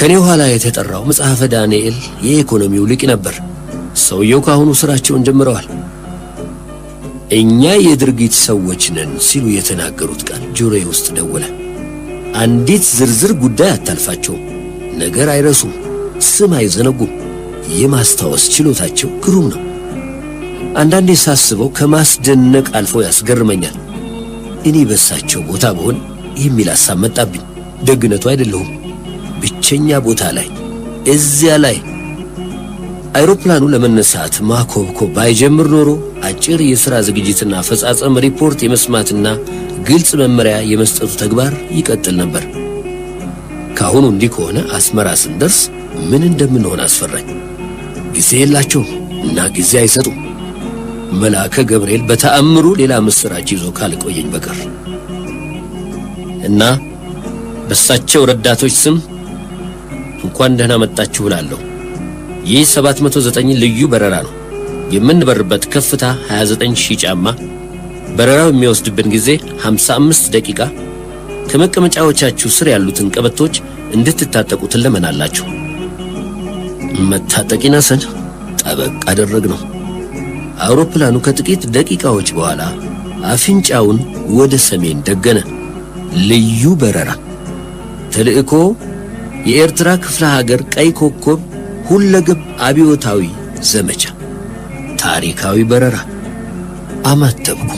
ከእኔ ኋላ የተጠራው መጽሐፈ ዳንኤል የኢኮኖሚው ሊቅ ነበር። ሰውየው ካሁኑ ሥራቸውን ጀምረዋል። እኛ የድርጊት ሰዎች ነን ሲሉ የተናገሩት ቃል ጆሮዬ ውስጥ ደወለ። አንዲት ዝርዝር ጉዳይ አታልፋቸውም። ነገር አይረሱም፣ ስም አይዘነጉም። የማስታወስ ችሎታቸው ግሩም ነው። አንዳንዴ ሳስበው ከማስደነቅ አልፎ ያስገርመኛል። እኔ በሳቸው ቦታ በሆን የሚል ሐሳብ መጣብኝ። ደግነቱ አይደለሁም ብቸኛ ቦታ ላይ እዚያ ላይ አይሮፕላኑ ለመነሳት ማኮብኮብ ባይጀምር ኖሮ አጭር የሥራ ዝግጅትና አፈጻጸም ሪፖርት የመስማትና ግልጽ መመሪያ የመስጠቱ ተግባር ይቀጥል ነበር። ካሁኑ እንዲህ ከሆነ አስመራ ስንደርስ ምን እንደምንሆን አስፈራኝ። ጊዜ የላቸውም እና ጊዜ አይሰጡም። መልአከ ገብርኤል በተአምሩ ሌላ ምስራች ይዞ ካልቆየኝ በቀር እና በእሳቸው ረዳቶች ስም እንኳን ደህና መጣችሁ ብላለሁ። ይህ 709 ልዩ በረራ ነው። የምንበርበት ከፍታ 29 ሺህ ጫማ፣ በረራው የሚወስድብን ጊዜ 55 ደቂቃ። ከመቀመጫዎቻችሁ ስር ያሉትን ቀበቶች እንድትታጠቁ ትለመናላችሁ። መታጠቂና ሰን ጠበቅ አደረግ ነው። አውሮፕላኑ ከጥቂት ደቂቃዎች በኋላ አፍንጫውን ወደ ሰሜን ደገነ። ልዩ በረራ ተልእኮ የኤርትራ ክፍለ ሀገር ቀይ ኮከብ ሁለገብ አብዮታዊ ዘመቻ ታሪካዊ በረራ አማተብኩም።